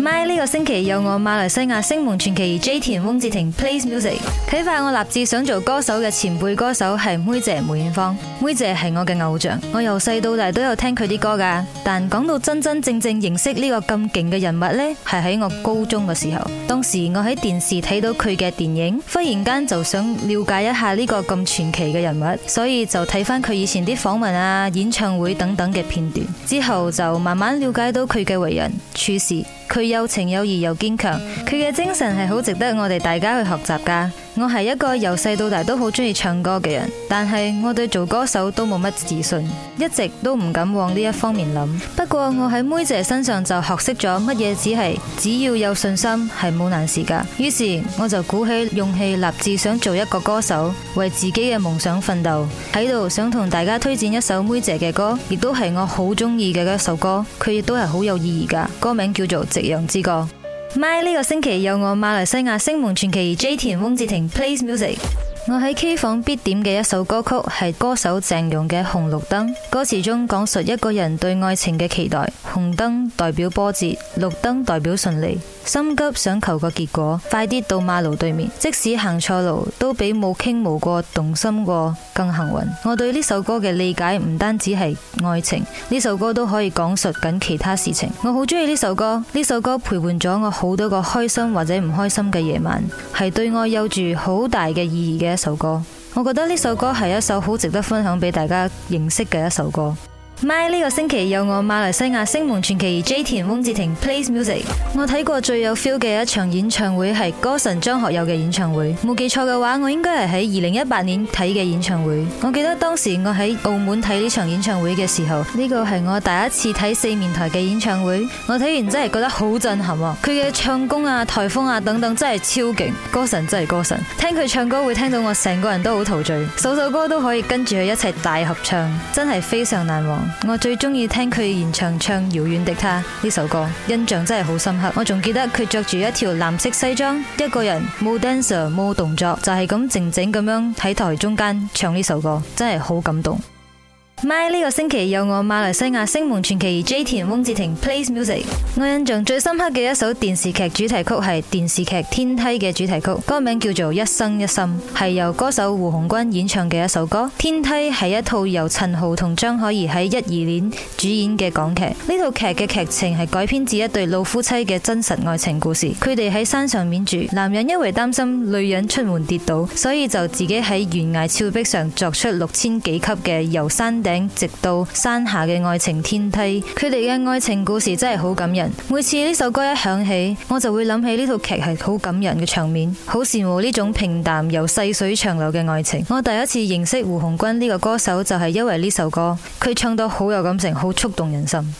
my 呢個星期有我馬來西亞星夢傳奇 J T 翁志廷，plays music 啟發我立志想做歌手嘅前輩歌手係妹姐梅艷芳，妹姐係我嘅偶像，我由細到大都有聽佢啲歌噶。但講到真真正正認識呢個咁勁嘅人物呢係喺我高中嘅時候。當時我喺電視睇到佢嘅電影，忽然間就想了解一下呢個咁傳奇嘅人物，所以就睇翻佢以前啲訪問啊、演唱會等等嘅片段，之後就慢慢了解到佢嘅為人處事。佢有情有義又堅強，佢嘅精神係好值得我哋大家去學習噶。我係一個由細到大都好中意唱歌嘅人，但係我對做歌手都冇乜自信，一直都唔敢往呢一方面諗。不過我喺妹姐身上就學識咗乜嘢，只係只要有信心，係冇難事噶。於是我就鼓起勇氣，立志想做一個歌手，為自己嘅夢想奮鬥。喺度想同大家推薦一首妹姐嘅歌，亦都係我好中意嘅一首歌，佢亦都係好有意義噶。歌名叫做《夕陽之歌》。咪呢個星期有我馬來西亞星夢傳奇 J 田翁志廷 plays music。我喺 K 房必點嘅一首歌曲係歌手鄭融嘅《紅綠燈》，歌詞中講述一個人對愛情嘅期待。紅燈代表波折，綠燈代表順利。心急想求個結果，快啲到馬路對面。即使行錯路，都比冇傾、冇過、動心過更幸運。我對呢首歌嘅理解唔單止係愛情，呢首歌都可以講述緊其他事情。我好中意呢首歌，呢首歌陪伴咗我好多個開心或者唔開心嘅夜晚，係對我有住好大嘅意義嘅。一首歌，我覺得呢首歌係一首好值得分享俾大家認識嘅一首歌。咪呢個星期有我馬來西亞星夢傳奇 J.T. 翁志婷 plays music。我睇過最有 feel 嘅一場演唱會係歌神張學友嘅演唱會。冇記錯嘅話，我應該係喺二零一八年睇嘅演唱會。我記得當時我喺澳門睇呢場演唱會嘅時候，呢個係我第一次睇四面台嘅演唱會。我睇完真係覺得好震撼啊！佢嘅唱功啊、台風啊等等真係超勁，歌神真係歌神。聽佢唱歌會聽到我成個人都好陶醉，首首歌都可以跟住佢一齊大合唱，真係非常難忘。我最鍾意聽佢現場唱《遙遠的她》呢首歌，印象真係好深刻。我仲記得佢着住一條藍色西裝，一個人冇 dancer、冇動作，就係咁靜靜咁樣喺台中間唱呢首歌，真係好感動。咪呢個星期有我馬來西亞星夢傳奇 J 田翁志婷 plays music。我印象最深刻嘅一首電視劇主題曲係電視劇《天梯》嘅主題曲，歌名叫做《一生一心》，係由歌手胡鴻鈞演唱嘅一首歌。《天梯》係一套由陳豪同張可頤喺一二年主演嘅港劇。呢套劇嘅劇情係改編自一對老夫妻嘅真實愛情故事。佢哋喺山上面住，男人因為擔心女人出門跌倒，所以就自己喺懸崖峭壁上作出六千幾級嘅由山頂，直到山下嘅愛情天梯，佢哋嘅愛情故事真係好感人。每次呢首歌一響起，我就會諗起呢套劇係好感人嘅場面，好羨慕呢種平淡又細水長流嘅愛情。我第一次認識胡鴻鈞呢個歌手就係因為呢首歌，佢唱到好有感情，好觸動人心。